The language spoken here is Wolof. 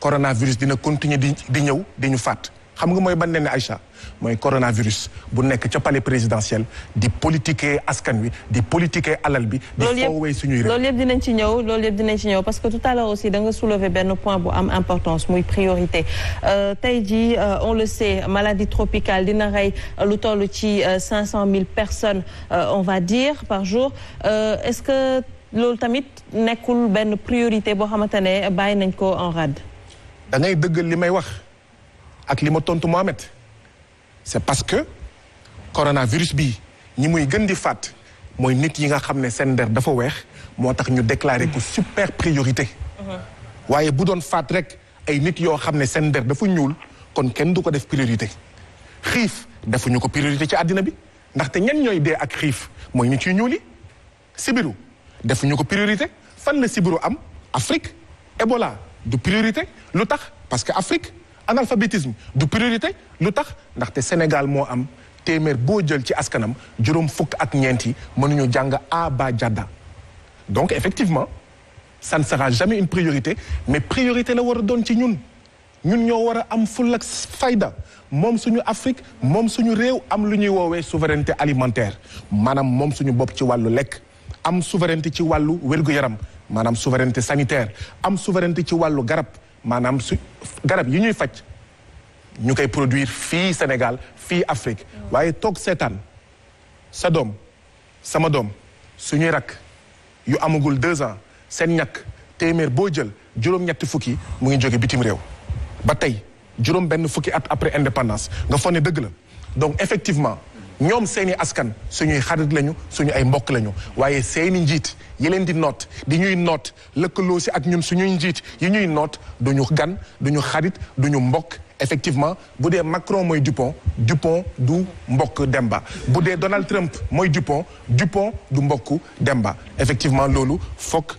coronavirus dina continuer di di ñëw dañu fàtt xam nga mooy ban ne ne Aïcha mooy coronavirus bu nekk ca palais présidentiel di politiquer askan wi di politiquer alal bi. di foowee suñuy réew loolu yëpp dinañ ci ñëw loolu yëpp dinañ ci ñëw parce que tout à l'heure aussi da nga soulever benn point bu am importance muy priorité euh, tey jii euh, on le sait maladie tropicale dina rey euh, lu toll ci cinq cent mille personnes on va dire par jour est-ce que loolu tamit nekkul benn priorité boo xamante ne bàyyi nañ ko en da ngay dëggal li may wax ak li ma tontu Mohamed c'est parce que coronavirus bii ñi muy gën di faat mooy nit yi nga xam ne seen der dafa weex moo tax ñu déclarer ko super priorité. Uh-huh. waaye bu doon faat rek ay nit yoo xam ne seen der dafa ñuul kon kenn du ko def priorité xiif defuñu ko priorité ci àddina bi ndaxte ñen ñooy dee ak xiif mooy nit yu ñuul yi sibiru defuñu ko priorité fan na sibiru am Afrique Ebola. du priorité lu tax parce que Afrique analphabétisme du priorité lu tax ndaxte Sénégal moo am téeméer boo jël ci askanam juróom fukk ak ñeenti yi mënuñu jàng a ba jàdda donc effectivement ça ne sera jamais une priorité mais priorité la war a doon ci ñun ñun ñoo war a am fulla ak fayda moom suñu Afrique moom suñu réew am lu ñuy woowee souveraineté alimentaire maanaam moom suñu bopp ci wàllu lekk am souveraineté ci wàllu wérgu yaram maanaam souveraineté sanitaire am souveraineté ci wàllu garab maanaam su garab yi ñuy faj ñu koy produire fii Sénégal fii Afrique waaye toog seetaan sa doom sama doom suñuy rakk yu amagul deux ans seen ñàkk téeméer boo jël juróom-ñetti fukki mu ngi jóge bitim réew ba tey juróom benn fukki at après indépendance nga fone dëgg la donc effectivement ñoom seeni askan suñuy xarit lañu suñu ay mbokk lañu waaye seeni njiit yi leen di noot di ñuy noot lëkkaloo si ak ñun suñuy njiit yi ñuy noot duñu gan duñu xarit du ñu mbokk effectivement bu dee Macron mooy Dupont Dupont du mbokk Demba bu dee Donald Trump mooy Dupont Dupont du mbokk Demba effectivement loolu fokk